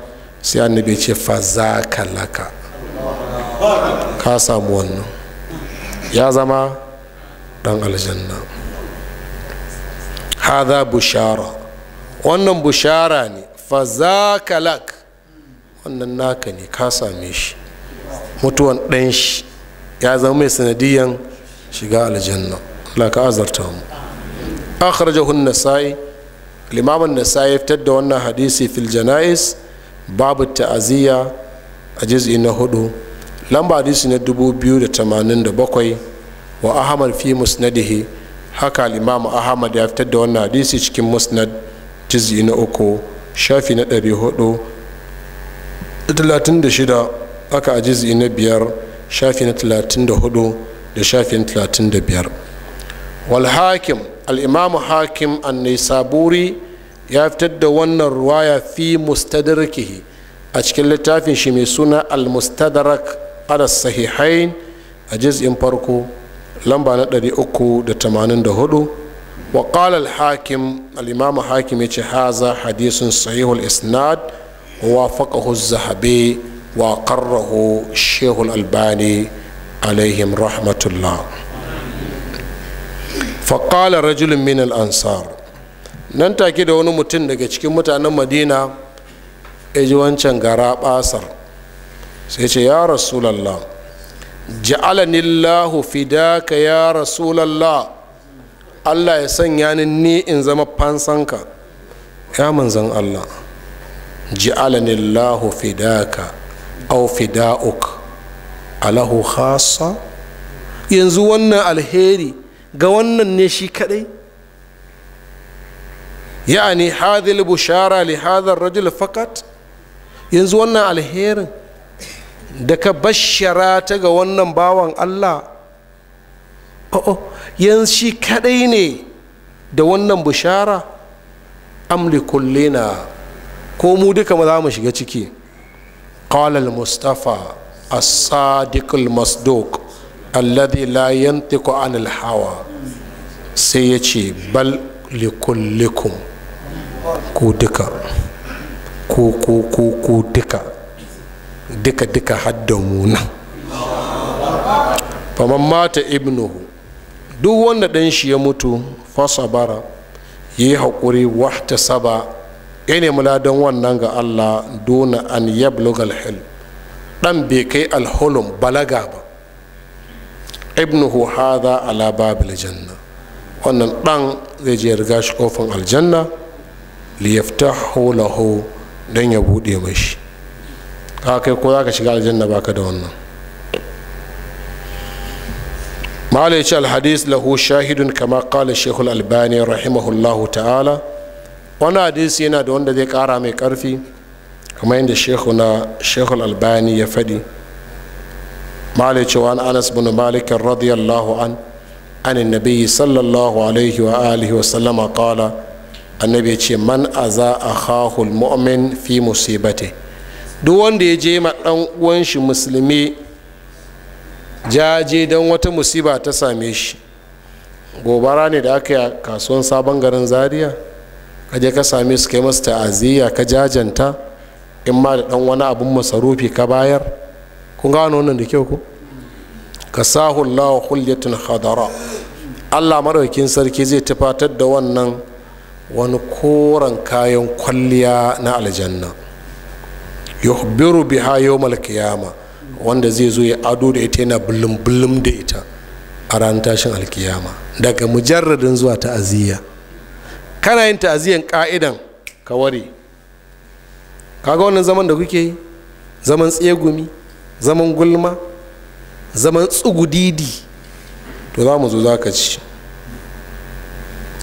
sai annabi ce fa za ka laka ka samu wannan ya zama dan aljanna haza bushara wannan bushara ne fa za ka lak wannan naka ne ka same shi mutuwan ɗan shi ya zama mai sanadiyan shiga aljanna laka azarta mu akhrajahu an-nasa'i al-imam an-nasa'i fitar da wannan hadisi fil janais babu ta'aziyya a juz'i na hudu lamba hadisi na 2087 wa ahmad fi musnadihi haka al-imam ahmad ya fitar da wannan hadisi cikin musnad juz'i na uku shafi na 436 haka a juz'i na biyar shafi na 34 da shafi na 35 wal hakim al'imamu hakim annisaburi ya fitar da wannan ruwaya fi mustadarkihi a cikin littafin shi mai suna al-mustadrak ala sahihain a jiz'in farko lamba na 384 wa qala al-hakim alimamu Hakim ya ce haza hadisun sahihul isnad wa wafaqahu az wa qarrahu shehul albani alaihim rahmatullah faƙala rajulun min ansar nan take da wani mutum daga cikin mutanen madina ya ji wancan gara basar sai ce ya rasulallah ja'alanillahu fidaka ya rasulallah allah ya sanya ni ni in zama fansanka ya manzan allah ja'alanillahu fidaka au fida'uk alahu khasa yanzu wannan alheri ga wannan ne shi kadai ya'ani hadhil bushara li hadha rajul faqat yanzu wannan alherin da ka bashara ta ga wannan bawan Allah oh yanzu shi kadai ne da wannan bushara amli kullina ko mu duka ma za mu shiga ciki qala al-mustafa as-sadiq al-masduq alladhi la yantiqu anil hawa sai ya ce bal likullikum ku duka ku ku ku ku duka duka duka haddamuna faman mata ibnuhu duk wanda ɗan shi ya mutu fasa sabara yi haƙuri wata saba ya muladan wannan ga allah dona an yablugal hil ɗan bai kai alhulum balaga ba ibnuhu hadha ala babil janna wannan dan zai je riga shi kofan aljanna li yaftahu lahu dan ya buɗe mashi ka kai ko zaka shiga aljanna baka da wannan malaysia alhadis lahu shahidun kama kala shekul albani rahimahullahu ta'ala wani hadis yana da wanda zai kara mai karfi kuma yadda shekul albani ya faɗi Malik cewa an anas bin malik radiyallahu an an annabi sallallahu alaihi wa alihi wa sallama qala annabi ce man aza akhahu almu'min fi musibati duk wanda ya je ma dan uwan shi musulmi jaje dan wata musiba ta same shi gobara ne da aka yi a kasuwan sabon garin zaria ka je ka same su kai masu ta'aziyya ka jajanta in ma da dan wani abun masarufi ka bayar kun gano wannan da kyau ku ka sahullahu hulyatun hadara allah maɗaukin sarki zai tufatar da wannan wani koren kayan kwalliya na aljanna yuhbiru biha yawmal qiyama wanda zai zo ya ado da ita yana bulum bulum da ita a ranar tashin alkiyama daga mujarradin zuwa ta'aziyya kana yin ta'aziyyan ka'idan ka ware kaga wannan zaman da kuke yi zaman tsegumi zaman gulma zaman tsugudidi to za mu zo za ka ci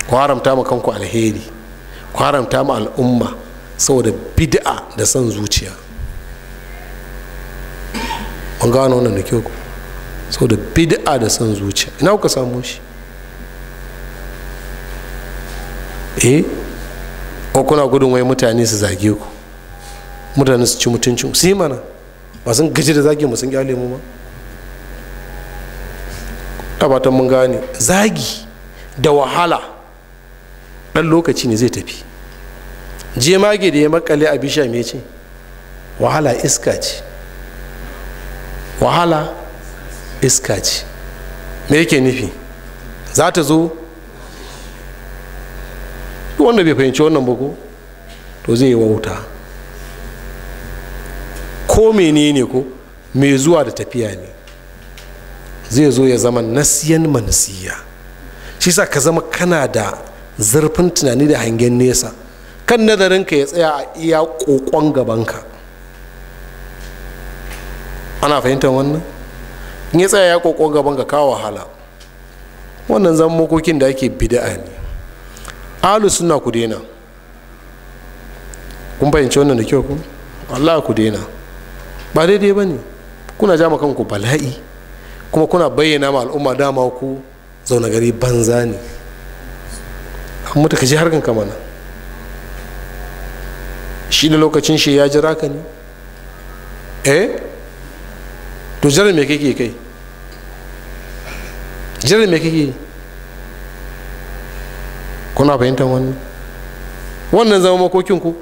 ku haramta ma kanku alheri ku haramta ma al'umma saboda bid'a da son zuciya mun gano wannan da kyau saboda bid'a da son zuciya ina kuka samu shi eh ko kuna gudun wai mutane su zage ku mutane su ci mutuncin su yi mana ba sun gaji da zagi mu sun kyale mu ma abatan mun gane zagi da wahala ɗan lokaci ne zai tafi jemage da ya makale a bisha me ce wahala iska ce wahala iska ce me yake nufi za ta zo wanda bai fahimci wannan ba ko to zai yi wauta ko menene ko mai zuwa da tafiya ne zai zo ya zama nasiyan manasiya shi sa ka zama kana da zurfin tunani da hangen nesa kan nazarinka ya tsaya a iya kokon gabanka ana fahimtar wannan in ya tsaya ya kokon gabanka ka wahala wannan zan makokin da ake bida'a ne alu suna ku daina kun fahimci wannan da kyau ku allah ku daina ba daidai ba ne kuna ja ma kanku bala'i kuma kuna bayyana ma al'umma dama ku zaune gari banza ne an mutu ka ji harkan ka shi da lokacin shi ya jira ka ne eh to jira me kake kai jira me kake kuna fahimtar wannan wannan zama makokin ku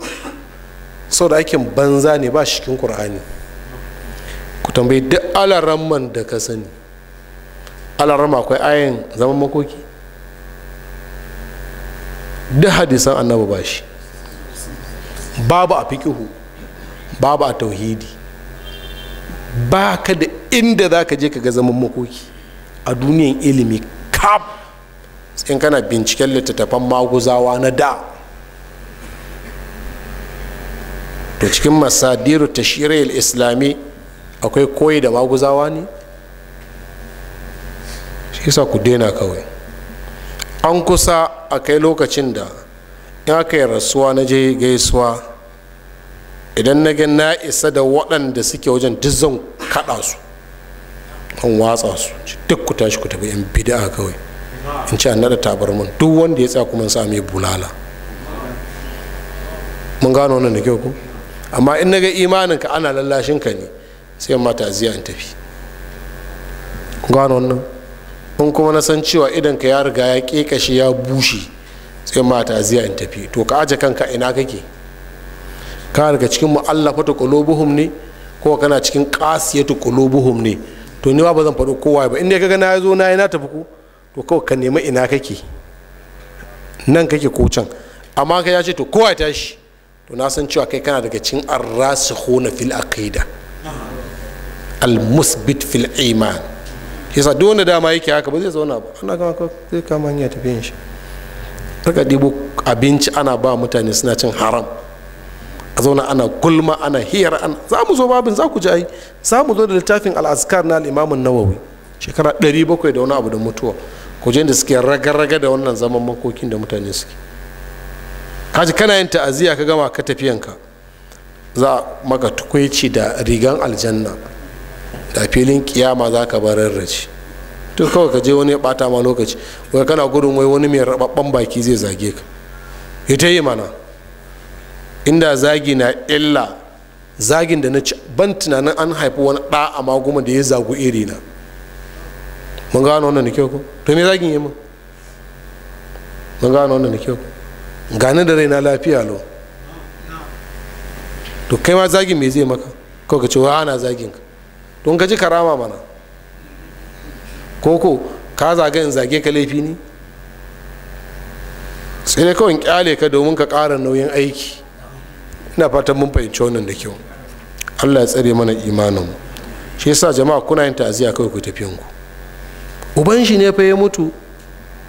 sau da aikin banza ne ba shi cikin ƙur'ani ku tambayi duk alaramman da ka sani alarama akwai ayin zaman makoki duk hadisan annabi ba shi babu a fikihu babu a tauhidi ba ka da inda za ka je ka ga zaman makoki a duniyan ilimi kaf in kana binciken littattafan maguzawa na da to cikin masadiru tashirayil islami akwai koyi da maguzawa ne shi sa ku daina kawai an kusa a kai lokacin da ya kai rasuwa na je gaisuwa idan na gina na isa da waɗanda suke wajen duk zan kaɗa su an watsa su duk ku tashi ku tafi yan bid'a kawai in ci annada mun duk wanda ya tsaya kuma sa mai bulala mun gano nan da kyau ku amma in na ga imaninka ana lallashin ka ne sai ma ziya in tafi gano wannan in kuma na san cewa idan ka ya riga ya kekashe ya bushe sai ma ziya in tafi to ka aje kanka ina kake ka riga cikin ta kulubuhum ne ko kana cikin qasiyatu kulubuhum ne to ni ba zan faɗo kowa ba inda kaga na zo na yi na tafi ko to kawai ka nemi ina kake nan kake ko can amma ka ya ce to kowa ya tashi to na san cewa kai kana daga cikin arrasikhuna fil aqida almusbit musbit fil iman yasa duk wanda dama yake haka ba zai zauna ba ana gama zai kama hanya yin shi daga ɗibo abinci ana ba mutane suna cin haram a zauna ana gulma ana hiyar ana za mu zo babin za ku ji ai za mu zo da littafin al'azkar na al'imamun nawawi shekara 700 da wani abu da mutuwa ku da suke raga da wannan zaman makokin da mutane suke kaji kana yin ta'aziyya ka gama ka tafiyanka za maka tukwaici da rigan aljanna Da filin kiyama za ka bararrace to kawai ka je wani ya bata ma lokaci wai kana gudun wai wani mai rababban baki zai zage ka ita yi mana inda zagi na illa zagin da na ci ban tunanin an haifi wani ɗa a maguma da ya zagu iri na mun gano wannan na kyau ko to me zagin yi mun mun gano wannan na kyau gani da raina lafiya lo to kai ma zagin me zai maka kawai ka ce wa ana zagin ka don ka ji karama mana koko ka zaga yin zage ka laifi ne sai ne kawai kyale ka domin ka ƙara nauyin aiki ina fatan mun fahimci wannan da kyau allah ya tsare mana imanin shi yasa jama'a kuna yin ta'aziyya kawai ku tafi ku uban shi ne fa ya mutu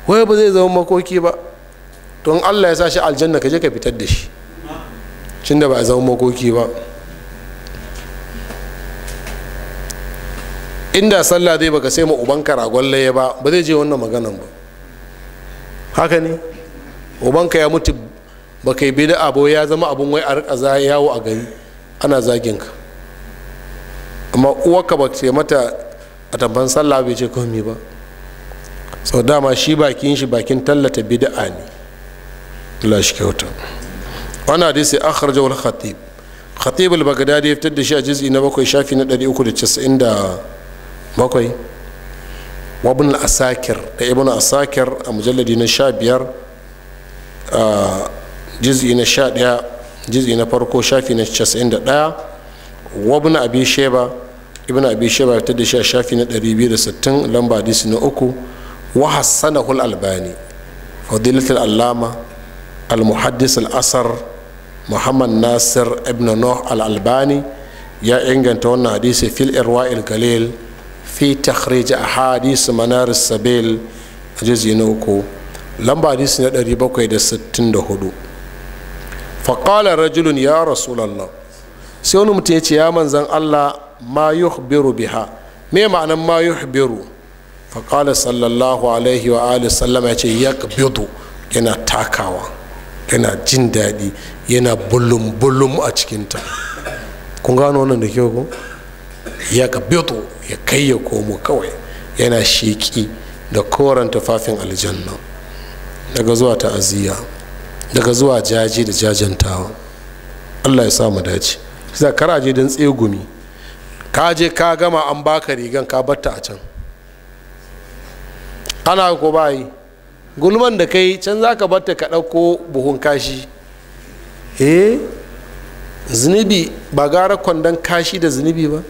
wai ba zai zama makoki ba don allah ya sa shi aljanna ka je ka fitar da shi cinda da ba a zama makoki ba inda sallah zai baka sai ma ka ragon laye ba ba zai je wannan maganan ba haka ne ubanka ya mutu ba kai bida abu ya zama abun wai a rika za yawo a gari ana zagin ka amma uwarka ba ce mata a tabban sallah bai ce komi ba sau dama shi bakin shi bakin tallata bid'a ne la shi kyauta wani hadisi akhar al-khatib khatib al-baghdadi ya fitar da shi a jizi na bakwai shafi na 390 bakwai wabin asakir da ibn asakir a mujalladi na sha biyar a jiz'i na sha ɗaya jiz'i na farko shafi na casa'in da ɗaya wabin abin sheba ibn abin sheba ya fitar da shi a shafi na ɗari biyu da sittin lamba hadisi na uku wa hul albani fadilatul allama al-muhaddis al-asar muhammad nasir ibn nuh al-albani ya inganta wannan hadisi fil irwa il galil fi takhrij hadisu manar sabil a jizi na uku lamba hadisu na 764 faqala rajulun ya rasulullah sai wani mutum ya ce ya manzan Allah ma yukhbiru biha me ma'anan ma yukhbiru faqala sallallahu alaihi wa alihi sallama ya ce yana takawa yana jin daɗi yana bulum bulum a cikinta kun gano wannan da kyau ko ya gabeto ya kai ya komo kawai yana sheki da koren tufafin aljanna daga zuwa ta'aziyya daga zuwa jaji da jajantawa allah ya samu dace ka raje don tsegumi ka je ka gama an baka rigan ka batta a can ana ko bayi gulman da kai can za ka batta ka ɗauko buhun kashi eh zunubi ba gara kwandon kashi da zunubi ba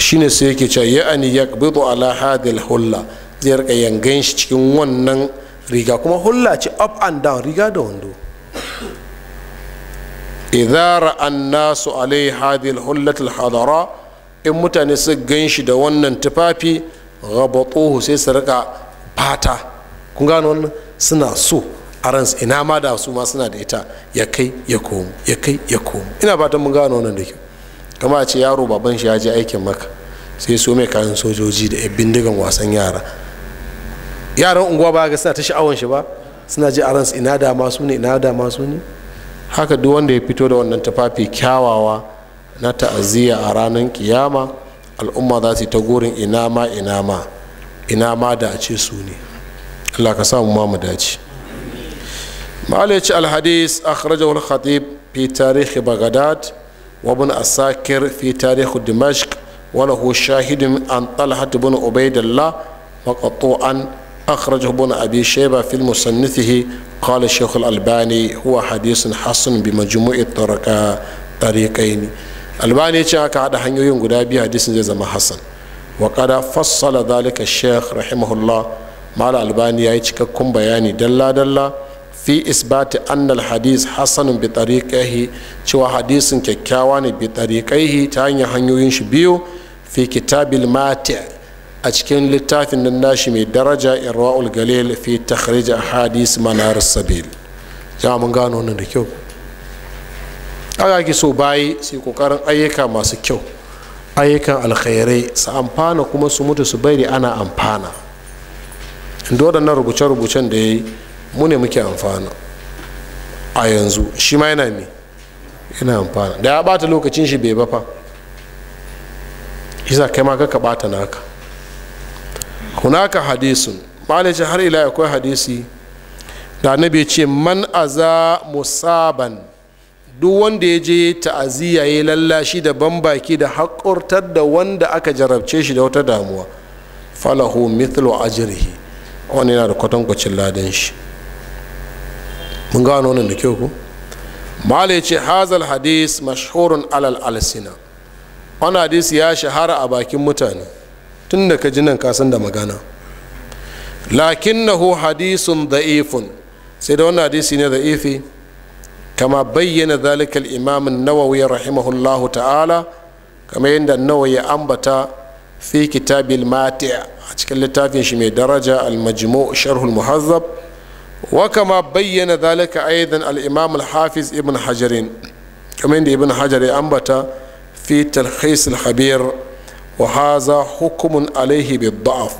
shine sai yake cewa ya'ani yaqbidu ala hadil hulla zai rika yangan shi cikin wannan riga kuma hulla ce up and down riga da wando idara an nasu alai hadil hullatul hadara in mutane su gan shi da wannan tufafi gabatuhu sai su rika fata kun gano wannan suna so a ransu ina ma da su ma suna da ita ya kai ya komo ya kai ya komo ina fatan mun gano wannan da kyau kama ce yaro baban shi ya je aikin maka sai so mai kayan sojoji da yan bindigan wasan yara yaran unguwa ba ga suna ta sha'awan shi ba suna ji a ransu ina da su ne ina da su ne haka duk wanda ya fito da wannan tufafi kyawawa na ta'aziyya a ranar kiyama al'umma za su yi ta gurin ina ma ina ma ina ma da a ce su ne allah ka samu ma mu dace ma'ala ya alhadis akhrajahu al-khatib fi tarihi baghdad وابن أساكر في تاريخ دمشق وله شاهد عن طلحة بن عبيد الله مقطوعا أخرجه ابن أبي شيبة في المصنفه قال الشيخ الألباني هو حديث حسن بمجموع الطرق طريقين الألباني شاك هذا حنيو ينقل حديث زي زمان حسن وقد فصل ذلك الشيخ رحمه الله مع الألباني كم بياني دلا دلا, دلا fi isbati annal hadis hassanin bi cewa hadisin kyakkyawa ne bi ta hanyar hanyoyin shi biyu fi kitabil mati a cikin littafin nan nashi mai daraja irwa'ul galil fi takhrij hadis manar sabil Ya mun gano wannan da kyau aka ki so bayi sai kokarin ayyuka masu kyau ayyukan alkhairai su amfana kuma su mutu su bari ana amfana inda waɗannan rubuce-rubucen da ya yi mu ne muke amfana a yanzu shi ma yana yana amfana da ya bata lokacin shi bai bafa isa kai ma kaka bata naka hunaka hadisun malaci har ila akwai hadisi da annabi ya ce man aza musaban duk wanda ya je ta'aziyya ya lallashi da baki da haƙurtar da wanda aka jarabce shi da wata damuwa falahu mithlu ajrihi wani yana da kwatankwacin ladan shi mun gano wannan da kyau ko mala ce hazal hadis mashhurun alal alsina wani hadis ya shahara a bakin mutane tun da ka ji nan kasan da magana lakin lakinnahu hadisun da'ifun sai da wani hadisi ne da'ifi kama bayyana zalikal imamin nawawi rahimahullahu ta'ala kama yadda nawawi ya ambata fi kitabil mati a cikin littafin shi mai daraja al-majmu' sharhul muhazzab وكما بين ذلك أيضا الإمام الحافظ ابن حجر كمان ابن حجر أنبت في تلخيص الخبير وهذا حكم عليه بالضعف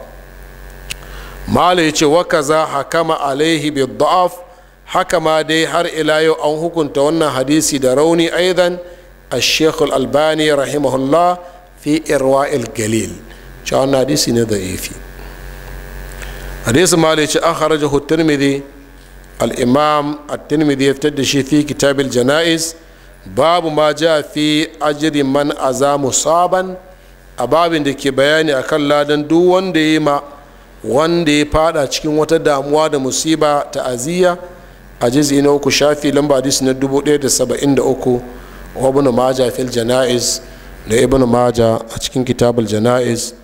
ما ليش وكذا حكم عليه بالضعف حكم دي هر إلى يو أن حكم تونا حديثي دروني أيضا الشيخ الألباني رحمه الله في إرواء الجليل شان حديثي ضعيفي hadisi mali ce an haraja tirmidhi al-imam at ya fitar da shi fi kitabil janaiz babu ma ja fi ajri man aza musaban a babin da ke bayani akan ladan duk wanda ya ma wanda ya fada cikin wata damuwa da musiba ta aziya a jizi na uku shafi lamba hadisi na uku wa ibn majah fil janaiz da ibn maja a cikin kitabul janaiz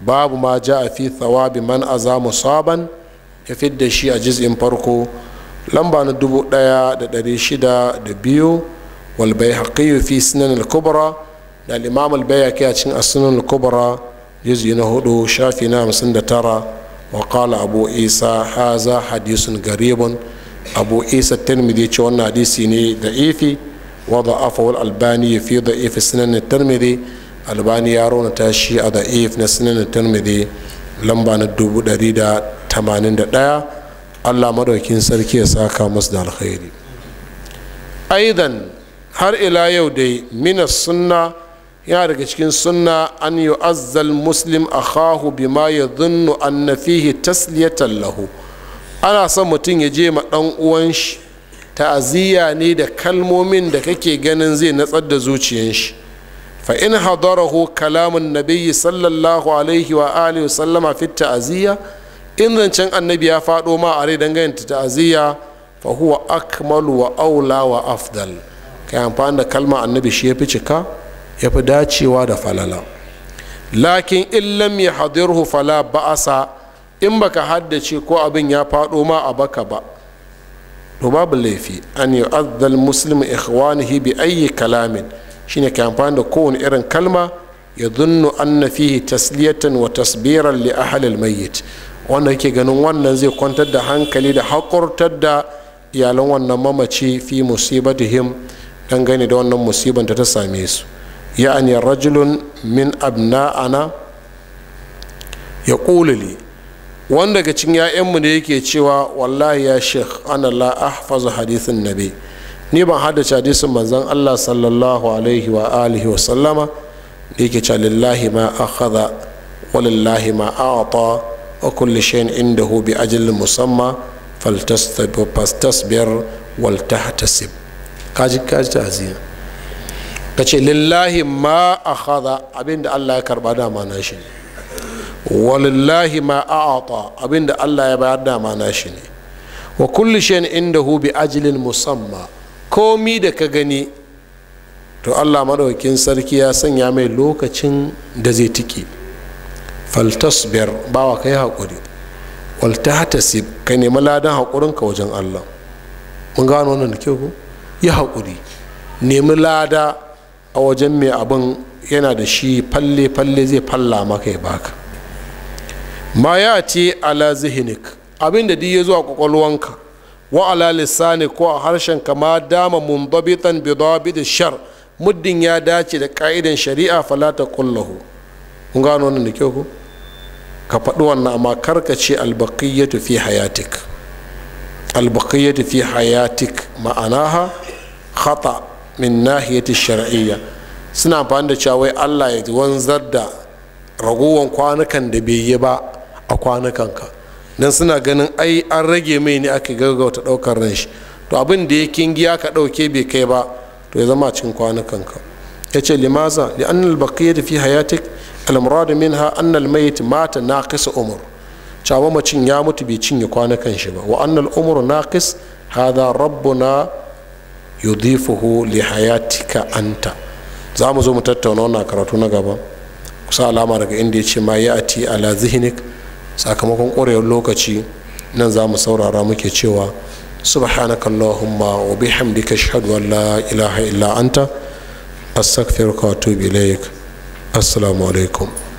babu ma ja a fi thawabi man a aza musaban ya fidda shi a jiz'in farko lamba na dubu ɗaya da ɗari shida da biyu wal bai haƙiyu fi sinan al-kubra da limam albaya bayaki a cin asinan al-kubra jiz'i na hudu shafi na hamsin da tara wa qala abu isa haza hadisun garibun abu isa tirmidhi ce wannan hadisi ne da ifi wa da afawul albani fi da ifi sunan tirmidhi albani ya raunata shi a da if na sinanin tirmidhi lamba na daya allah madaukin sarki ya saka masu da alkhairi aidan har ila yau dai mina sunna yana daga cikin sunna an yi azal muslim akhahu bima ya zunnu na fihi tasliyatan lahu ana son mutum ya je ma dan uwan shi ta'aziyya ne da kalmomin da kake ganin zai natsar da zuciyan shi fa in hadarahu kalamun nabiyyi sallallahu alaihi wa alihi sallama fi ta'aziyya in zancen annabi ya faɗo ma a rai dangane ta'aziyya fa huwa akmalu wa aula wa afdal kai amfani da kalma annabi shi ya fi cika ya fi dacewa da falala lakin in lam ya hadirhu fala ba'asa in baka haddace ko abin ya faɗo ma a baka ba to babu laifi an yu'azzal muslimu ikhwanihi bi ayyi kalamin shine ke amfani da kowane irin kalma ya zunnu anna fihi tasliyatan wa tasbiran li ahlil mayyit wanda yake ganin wannan zai kwantar da hankali da hakurtar da iyalan wannan mamaci fi musibatihim dangane da wannan musiban ta same su ya'ani rajulun min abna'ana ya kulili wanda daga cikin 'ya'yanmu ne yake cewa wallahi ya sheikh ana la ahfazu hadithin nabi ni ban haddace hadisin manzon Allah sallallahu alaihi wa alihi wa sallama da yake cewa lillahi ma akhadha wa lillahi ma a'ta wa kulli shay'in indahu bi ajalin musamma faltasbir wal tahtasib kaji kaji ta'ziya kace lillahi ma akhadha abinda Allah ya karba da mana shi ne walillahi ma a'ata abinda Allah ya bayar da mana shi ne wa kulli shay'in indahu bi ajalin musamma komi da ka gani to allah maɗaukin sarki ya sanya mai lokacin da zai tiki faltasbir bawa ka yi haƙuri waltatasib ka nemi ladan ka wajen allah mun gano wannan da kyau ku yi haƙuri nemi lada a wajen mai abin yana da shi falle-falle zai falla maka ya baka ma ya ce ala zihinik abinda da duk ya zuwa ƙwaƙwalwanka wa ala lisani ko a harshen kama dama mundabitan bi dabit shar muddin ya dace da ka'idan shari'a falata kullahu kun gano wannan da kyau ko ka faɗi wannan amma karka ce albaqiyatu fi hayatik albaqiyatu fi hayatik ma'anaha khata min nahiyati shar'iyya suna amfani da cewa wai Allah ya wanzar da raguwan kwanukan da bai yi ba a kwanukanka don suna ganin ai an rage mai ne aka gaggauta ɗaukar ran shi to abin da ya kingiya ka ɗauke bai kai ba to ya zama cikin kwanukan ka ya ce limaza li annal baqiyat fi hayatik al murad minha annal mayit mata naqis umur cewa macin ya mutu bai cinye kwanukan shi ba wa annal umur naqis hadha rabbuna yudifuhu li hayatika anta za mu zo mu tattauna wannan karatu na gaba kusa alama daga inda ya ce ma ya ati ala zihnik sakamakon ƙwarewar lokaci nan za mu saurara muke cewa subhanaka allahumma wa bihamdika ashhadu an la ilaha illa anta astaghfiruka wa atubu ilaik assalamu alaikum